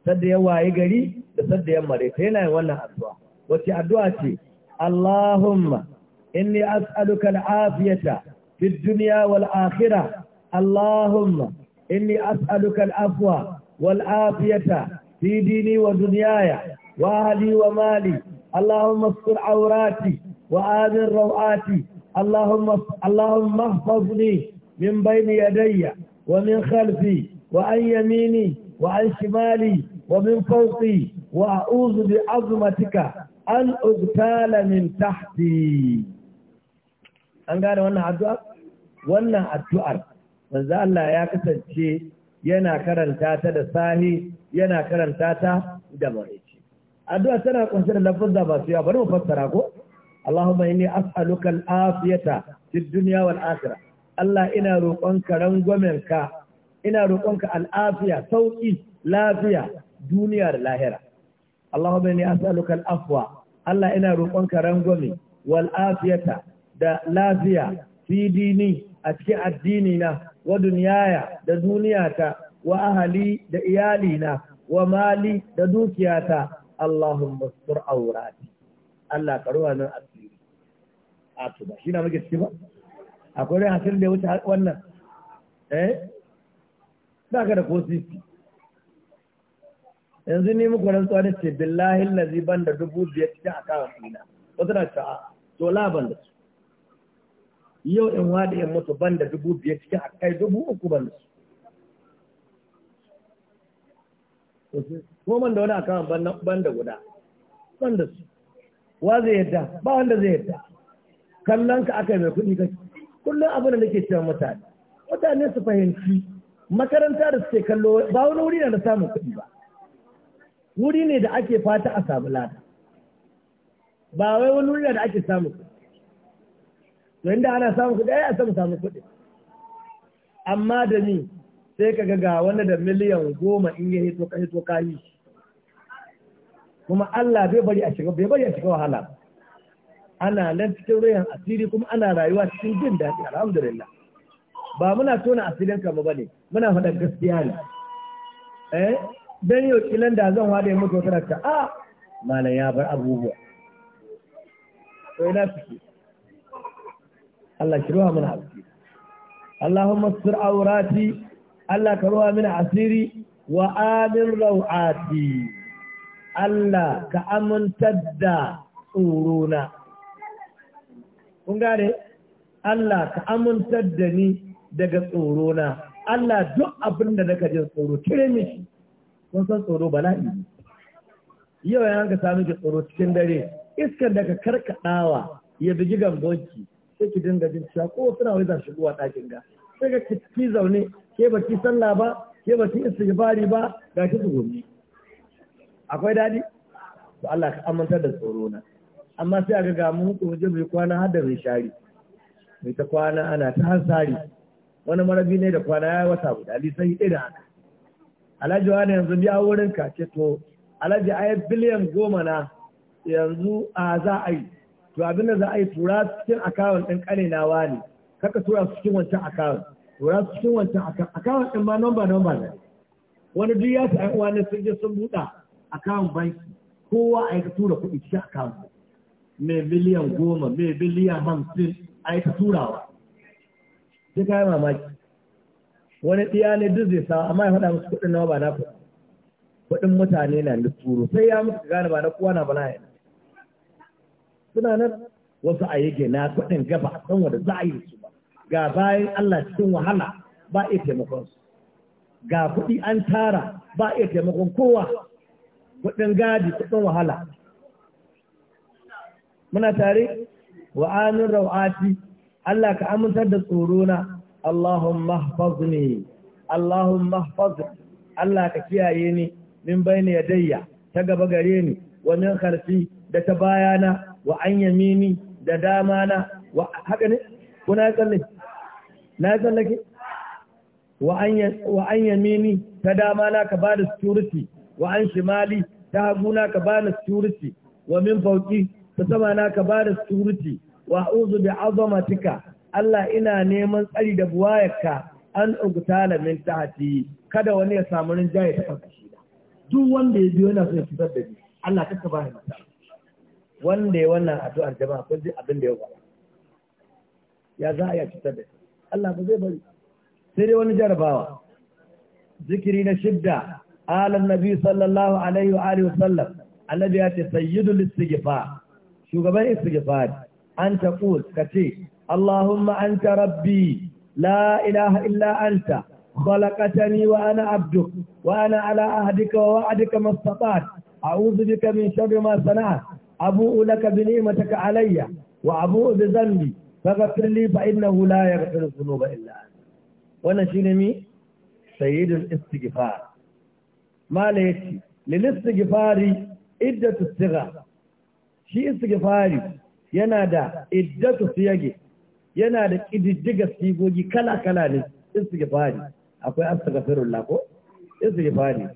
sadda ya waye gari da sadda ya mare ta yana yin wannan addu'a wace addu'a ce Allahumma inni as'aluka al'afiyata fid duniya wal akhira. Allahumma inni as'aluka al'afwa wal afiyata fi dini wa duniyaya. wa wa mali Allahumma astur awrati wa amin rawati اللهم اللهم احفظني من بين يدي ومن خلفي وعن يميني وعن شمالي ومن فوقي وأعوذ بعظمتك أن أغتال من تحتي an gane wannan addu'ar? wannan addu'ar manzo Allah ya kasance yana karanta ta da sahi yana karanta ta da maraice addu'a tana ƙunshe da lafazza masu su yawa bari mu fassara ko Allahumma inni as'aluka al-afiyata fid dunya wal akhirah Allah ina roƙonka rangwamenka ina roƙonka al'afiya sauki lafiya duniya da lahira Allahumma inni as'aluka al Allah ina roƙonka rangwame wal afiyata da lafiya fi dini a cikin addini na wa dunyaya da duniyata wa ahali da iyalina wa mali da dukiyata Allahumma sur aurati Allah ka ruwa nan a ba shi na muke ciki ba akwai rai hasil da ya wuce wannan eh ba ka da ko sisi yanzu ni muku rantsuwa tsawon ce billahi lazi ban da dubu biyar cikin akawun ina wasu na sha'a to laban da su yau in wada in mutu ban da dubu biyar cikin kai dubu uku ban da su ko man da wani akawun ban da guda ban da su wa zai yadda ba wanda zai yadda kallon ka aka yi mai kuɗi kake kullum abin da nake cewa mutane mutane su fahimci makaranta da suke kallo ba wani wuri na da samun kuɗi ba wuri ne da ake fata a samu lada ba wai wani wuri da ake samun kuɗi to inda ana samun kuɗi ai a samu samun kuɗi amma da ni sai ka ga wani da miliyan goma in ya hito ka hito kayi kuma Allah bai bari a shiga bai bari a shiga wahala ba ana nan cikin rayan asiri kuma ana rayuwa cikin jin daɗi alhamdulillah ba muna tona asirin kama ba ne muna faɗa gaskiya ne eh dan yau kilan da zan wada mutu wata rakka a malam ya bar abubuwa to ina fiki Allah ki ruwa mana asiri Allahumma sur awrati Allah ka ruwa mana asiri wa amin rawati Allah ka amuntadda da na. kun gane Allah ka amintar da ni daga tsoro na Allah duk abin da naka jin tsoro cire shi kun san tsoro bala'i yau ya ka sami ki tsoro cikin dare iskar daga karkadawa ya bigi gambonki sai ki dinga jin cewa ko suna wai za su a ɗakin ga sai ka ki zaune ke ba ki sallah ba ke ba ki istighfari ba ga ki tsoro akwai dadi to Allah ka amintar da tsoro na amma sai a ga mun huku mai kwana har da mai shari mai ta kwana ana ta hansari wani marabi ne da kwana ya wata guda sai ɗaya da haka alhaji wani yanzu biya wurin ka ce to alhaji a biliyan goma na yanzu a za a yi to abin da za a yi tura cikin akawun ɗin na ne kaka tura su cikin wancan akawun tura su cikin wancan akawun akawun ɗin ma nomba nomba ne wani duk ya sa uwa ne sun je sun buɗa akawun banki kowa a yi tura kuɗi cikin akawun mai miliyan goma mai miliyan hamsin a yi ta turawa sai kayan mamaki wani ɗiya ne duk zai sa amma ya faɗa musu kuɗin nawa ba na kuɗi kuɗin mutane na da turo sai ya musu gane ba na kowa na bana yana suna nan wasu a yi gina kuɗin gaba a san wanda za a yi su ba ga bayan Allah cikin wahala ba iya taimakon su ga kuɗi an tara ba iya taimakon kowa kuɗin gadi kuɗin wahala muna tare wa amin rawati Allah ka amintar da tsorona Allahumma hafazni Allahumma hafazni Allah ka kiyaye ni min bayni yadayya ta gaba gare ni wa min kharfi da ta bayana wa an yamini da dama na wa haka ne kuna tsalle na ke? wa an yamini ta dama na ka bada security wa an shimali ta haguna ka bani security wa min fauki sama na ka ba da suruti wa uzu bi azamatika Allah ina neman tsari da buwayarka an talamin min tahti kada wani ya samu rinjaye ta farkashi da duk wanda ya biyo yana so ya fitar da ni Allah ka ba ni wanda ya wannan addu'ar jama'a kun ji abin da ya faru. ya za a ya fitar da Allah ba zai bari sai dai wani jarabawa zikiri na shidda alan nabi sallallahu alaihi wa alihi sallam annabi ya ce sayyidul istighfar shugaban istighfari أن تقول كثير اللهم أنت ربي لا إله إلا أنت خلقتني وأنا عبدك وأنا على عهدك ووعدك ما استطعت أعوذ بك من شر ما صنعت أبوء لك بنعمتك علي وأبوء بذنبي فاغفر لي فإنه لا يغفر الذنوب إلا أنت وأنا شنمي سيد الاستغفار ما ليش للاستغفار عدة الصغر shi istighfari yana da iddatu siyage yana da kididdiga sigogi kala kala ne istighfari akwai astaghfirullah ko istighfari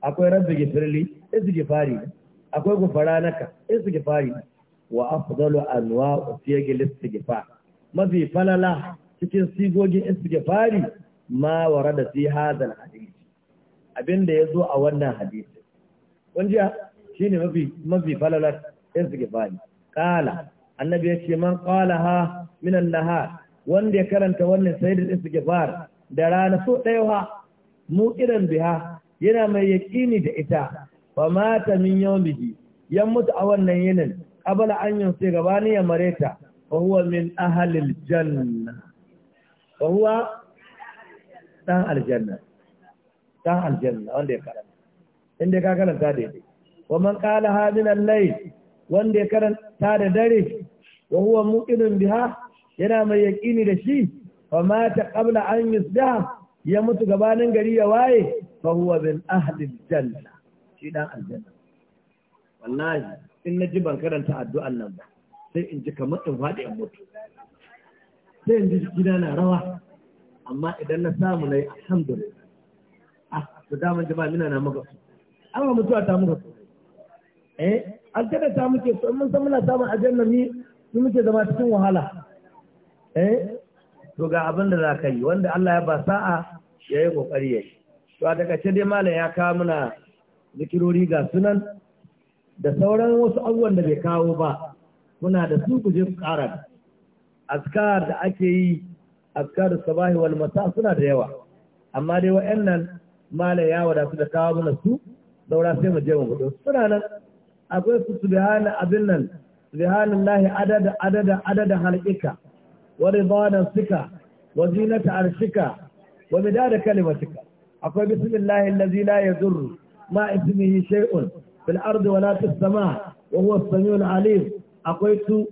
akwai rabbi gifirli istighfari akwai gufaranaka istighfari wa afdalu anwa'u siyage istighfar mafi falala cikin sigogin istighfari ma warada fi hadal hadith abinda yazo a wannan hadisi kun shine mafi mafi falalar istighfari kala annabi ya ce man ha min an-nahar wanda ya karanta wannan suke istighfar da rana so dayawa mu irin biha yana mai yaqini da ita fa mata min yawmihi yan mutu a wannan yinin abala an sai gabani ya mareta fa huwa min ahli al-janna fa huwa dan aljanna dan aljanna wanda ya karanta inda ka karanta daidai wa man qala hadina al-layl wanda ya karanta da dare wa huwa muqinun biha yana mai yaqini da shi fa mata qabla an yusda ya mutu gabanin gari ya waye fa huwa bil ahli janna shi dan aljanna wallahi in naji ban karanta addu'an nan ba sai in ji kamar in faɗi in mutu sai in ji jikina na rawa amma idan na samu na yi alhamdulillah ah da daman jama'a mina na maka amma mutuwa ta muka eh aljanna ta muke so mun san muna samun aljanna ni ni muke zama cikin wahala eh to ga abin da za yi wanda Allah ya ba sa'a yayi kokari ya to a ce dai malam ya kawo muna zikirori ga sunan da sauran wasu abubuwan da bai kawo ba muna da su guje je ku ƙara azkar da ake yi azkar sabahi wal masa suna da yawa amma dai wa'annan malam ya wada su da kawo muna su daura sai mu je mu gudu suna nan akwai su su subhana abin nan su subhanallahi adada adada adada halqika wa na sika wa zinata da wa midada kalimatika akwai bismillahi allazi la yadurru ma ismihi shay'un fil ardi wa la fis samaa wa huwa as-sami'ul alim akwai su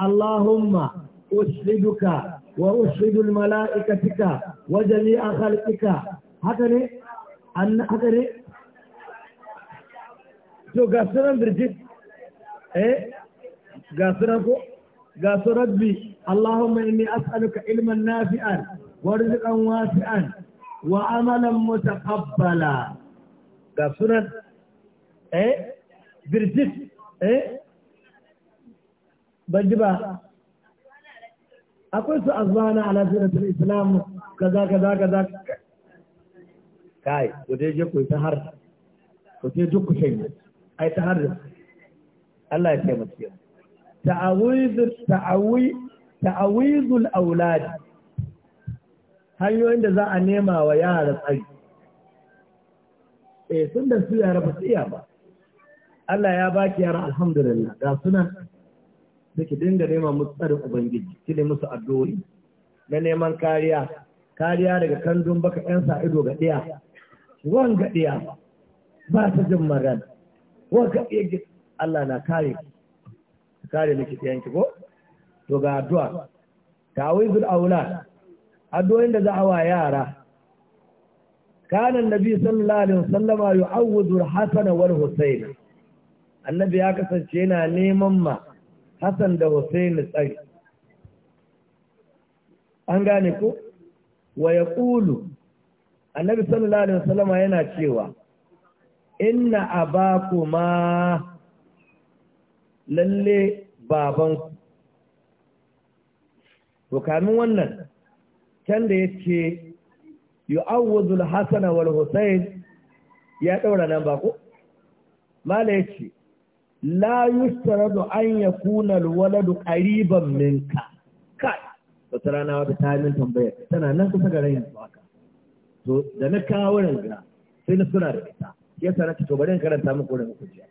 Allahumma ushiduka wa ushidu al-mala'ikatika wa jami'a khalqika haka ne haka ne to ga sunan birjit eh gasu sunan ko gasu rabbi Allahumma inni as'aluka ilman nafi'an wa rizqan wasi'an wa amalan mutaqabbala ga sunan eh birjit eh ban ji ba akwai su azwana ala suratul islam kaza kaza kaza kai ku je ku ta har ku je duk ku shanye ai ta harin Allah ya taimake mu ta'awizul ta'awi al aulad hanyoyin da za a nema wa yara tsari eh sun da su yara ba su iya ba Allah ya baki yara alhamdulillah ga suna suke dinga nema musu tsarin ubangiji ki ne musu addu'o'i na neman kariya kariya daga kandun baka yan sa ido ga diya wan ga diya ba ta jin magana wanka iya Allah na kare kare miki tsayanki ko to ga addu'a ta'awizul aulad addu'o'in da za a wa yara kana annabi sallallahu alaihi wasallama yu'awwidu al-hasan wal Hussaini. annabi ya kasance yana neman ma hasan da Hussaini tsari an gane ko wa yaqulu annabi sallallahu alaihi wasallama yana cewa inna ma lalle babanku to kamin wannan can da yake yu'awwazul hasana wal husayn ya daura nan ba ko mala yace la yustaradu an yakuna al waladu qariban minka kai wata rana wata ta min tambayar tana nan kusa ga rayin to da na kawo ranga sai na suna da ita ya sana to bari in karanta muku wurin hujja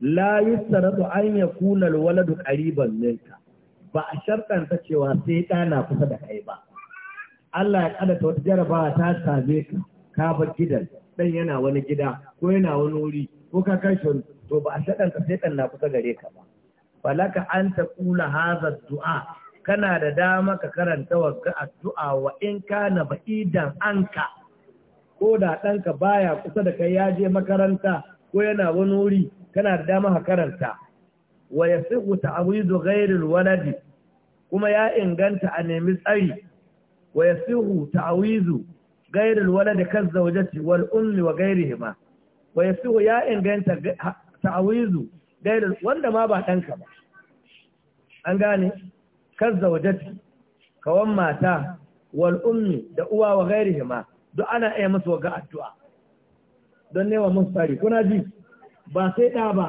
la yusaratu an yakuna alwaladu qariban minka ba a shartanta cewa sai ɗa na kusa da kai ba Allah ya kada ta wata jarabawa ta same ka ka bar gidan dan yana wani gida ko yana wani wuri ko ka kashe to ba a shartanta sai ɗan na kusa gare ka ba falaka an ta kula hadha du'a kana da dama ka karanta wa addu'a wa in kana ba'idan anka ko da ɗanka baya kusa da kai ya je makaranta ko yana wani wuri kana da dama ka karanta wa yasihu ta'widu ghairil waladi kuma ya inganta a nemi tsari wa yasihu ta'widu ghairil waladi kan zawjati wal ummi wa ghairihima wa yasihu ya inganta ta'widu ghairil wanda ma ba ɗanka ba an gane kan zawjati kawan mata wal ummi da uwa wa ghairihima don ana iya masu waga addu'a don newa masu tari kuna ji ba sai ɗa ba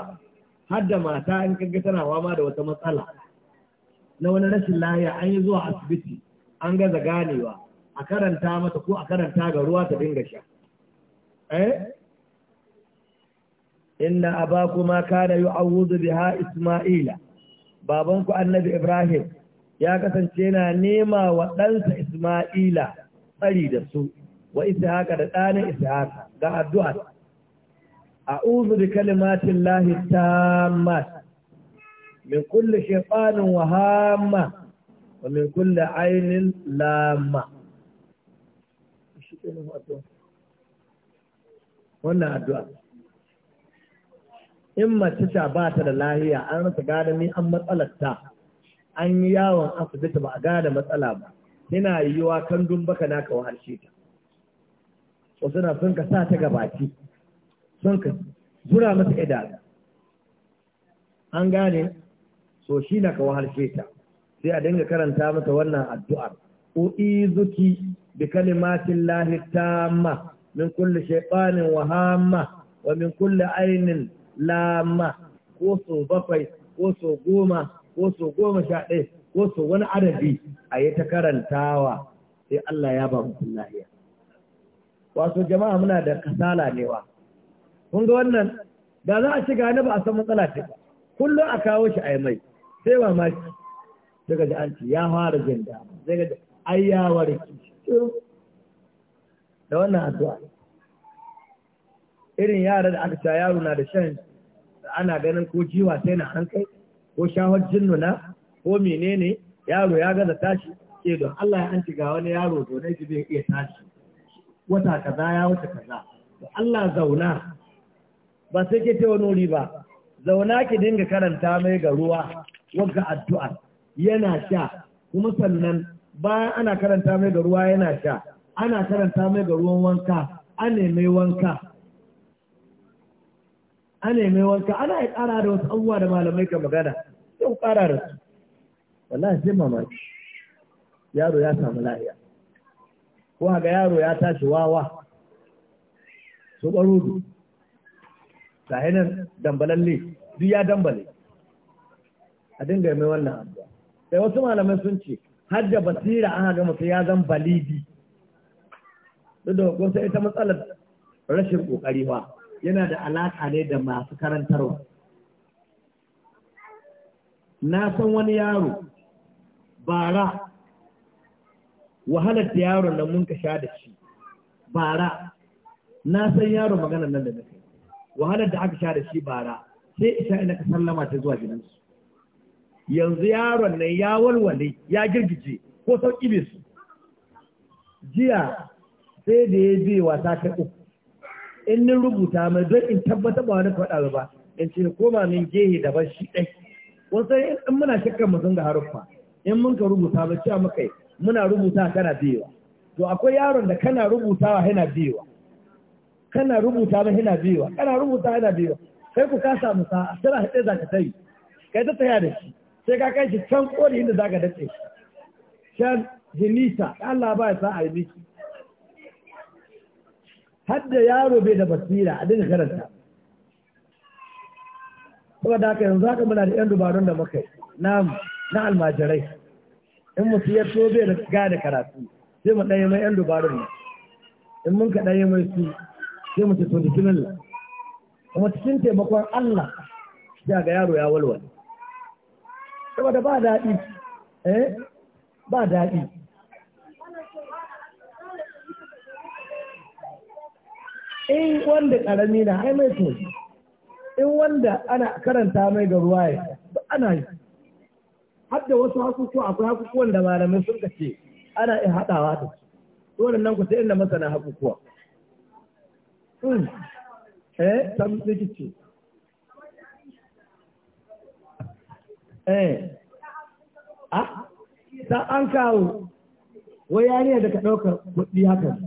har da mata in kaga tana fama da wata matsala na wani rashin laya an yi zuwa asibiti an gaza ganewa a karanta mata ko a karanta ga ruwa ta dinga sha eh inna abakuma kana yu'awwidhu biha isma'ila babanku annabi ibrahim ya kasance yana nema wa ɗansa isma'ila tsari da su wa ishaqa da ɗanin ishaqa ga addu'a a'udhu bi kalimatin lahi tammat min kulli shaytanin wa wa min kulli ainihin lamma wannan addu'a in mace ta ba ta da lahiya an rasa gada ni an matsalarta an yi yawon asibiti ba a gada matsala ba yana yiwuwa kan dumbaka naka harshe ta wasu na sun ka sa ta gabaci sun ka zura masa idanu an gane so shi na ka wahalshe ta sai a dinga karanta mata wannan addu'ar u'izuki bi kalimatin lahi ma min kulle shaytanin wahama, wa min kulle ainin lama, ko so bakwai ko so goma ko so goma sha ɗaya ko so wani adadi a yi ta karantawa sai Allah ya ba mutum lahiya wato jama'a muna da kasala ne wa kun ga wannan da za a ci gane ba a san matsala ce kullum a kawo shi a yi mai sai ba ma shi daga an ci ya fara jin da sai ga ai ya da wannan addu'a irin yara da aka ta yaro na da shan ana ganin ko jiwa sai na hankali ko shawar jinnuna ko menene yaro ya gaza tashi ke don Allah ya an ci ga wani yaro na shi bai iya tashi wata kaza ya wata kaza to Allah zauna ba sai ke tewa nuri ba zauna ki dinga karanta mai ga ruwa wagga addu'a yana sha kuma sannan bayan ana karanta mai ga ruwa yana sha ana karanta mai ga ruwan wanka a mai wanka a mai wanka ana yi ƙara da wasu abubuwa da malamai ka magana sai ku ƙara da su wallahi sai mamaki yaro ya samu lahiya ko ga yaro ya tashi wawa su ɓarudu sahinan dambalalle duk ya dambale a dinga mai wannan abuwa sai wasu malamai sun ce har da basira an haga mutum ya zan balidi duk da kusa ita matsalar rashin kokari ba yana da alaƙa ne da masu karantarwa na san wani yaro bara wahalar da yaron nan mun ka sha da shi bara na san yaro magana nan da nake wahalar da aka sha da shi bara sai isa ina ka sallama ta zuwa gidansu yanzu yaron nan ya walwale ya girgije ko sauki bai su jiya sai da ya je wasa ta uku in ni rubuta mai don in tabbatar ba wani faɗa ba in ce koma min gehe daban shi ɗai wasu in muna shakkar mu sun ga haruffa in mun ka rubuta ba cewa mukai yi muna rubuta kana biyewa to akwai yaron da kana rubutawa yana biyewa kana rubuta ba yana biyewa kana rubuta yana biyewa sai ku ka samu sa sai ka tsaya ka tai kai ta tsaya da shi sai ka kai shi can kori inda zaka dace can jinisa Allah ba ya sa a yi hadda yaro bai da basira a dinga karanta saboda haka yanzu haka muna da yan dubarun da muka yi na almajirai in mutum ya so bai gane karatu sai mu ɗaya mai 'yan dubarun ne in mun ka ɗaya mai su sai mu tafi da Allah kuma cikin taimakon Allah sai ga yaro ya walwale saboda ba daɗi eh ba daɗi in wanda ƙarami na ai mai to in wanda ana karanta mai ga ruwa ana yi har da wasu hakukuwa akwai hakukuwan da malamai sun kace ana iya haɗawa da su wannan ku sai inda masana hakukuwa hmm. eh tam rikici eh a ah, ta an kawo wai yariya da ka ɗaukar kuɗi haka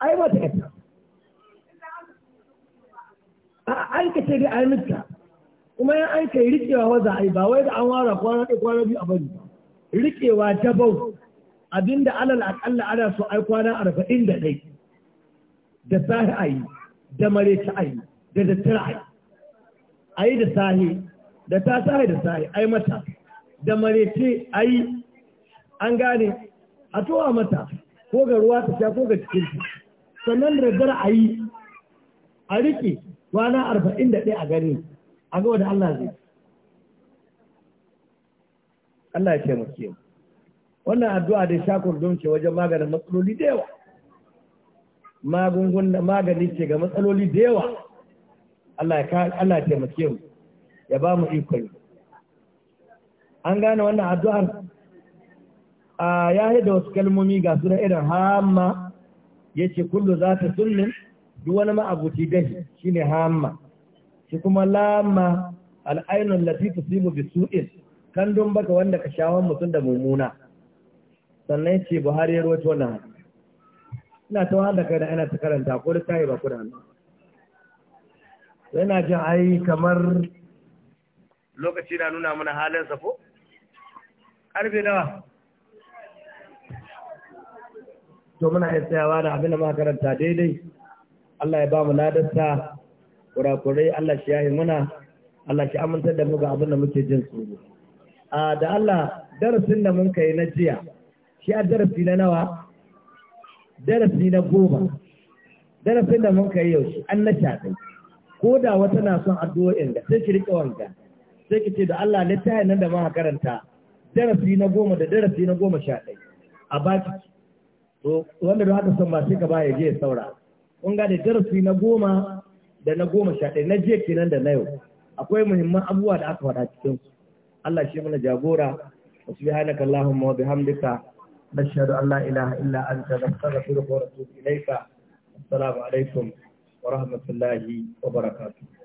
ai ba ta an ah, ka ce dai a yi kuma ya aika rikewa wadda ai ba wai da an wara kwana ɗaya kwana biyu a bari rikewa ta bau abinda alal akalla ana so ai kwana arba'in da ɗai da sahi a yi da mare ta a yi da dattara a yi a yi da sahi da ta sahi da sahi ai mata da mare ce a yi an gane a towa mata ko ga ruwa ta sha ko ga cikin sannan da daddara a yi a rike kwana arba'in da ɗaya a gani a ga Allah zai Allah ya taimake mu wannan addu'a da shakur don ce wajen maganin matsaloli da yawa da magani ce ga matsaloli da yawa Allah ya ce ya mu ya ba mu ikon an gane wannan addu'ar a ya da wasu kalmomi ga suna irin hamma ya ce kullu zata sunnin duk wani ma'abuci shi ne hamma shi kuma lama al'ainun Latifu Simu bi su'in kandun baka wanda ka shawon mutum da mummuna sannan ce buhari ya rawaito wannan ina ta wanda kai da ina ta karanta ko da tayi ba ku da hannu yana jin ai kamar lokaci na nuna mana halin sa ko karfe nawa to muna iya tsayawa da abin da muka karanta daidai Allah ya ba mu ladarta kurakurai Allah shi ya muna Allah shi amintar da mu ga abin da muke jin tsoro a da Allah darasin da mun kai na jiya shi a darasi na nawa darasi na goma darasin da mun kai yau shi an na shafi ko da wata na son addu'o'in da sai ki rike wanga sai ki ce da Allah littafin nan da muka karanta darasi na goma da darasi na goma sha ɗaya a baki to wanda da haka son ba sai ka ba ya je ya saura kun ga da darasi na goma da na goma sha ɗaya na jiya kenan da na yau akwai muhimman abubuwa da aka faɗa cikin Allah shi mana jagora wa subhanaka allahumma wa bihamdika nashhadu an la ilaha illa anta nastaghfiruka wa natubu ilayka assalamu alaikum wa rahmatullahi wa barakatuh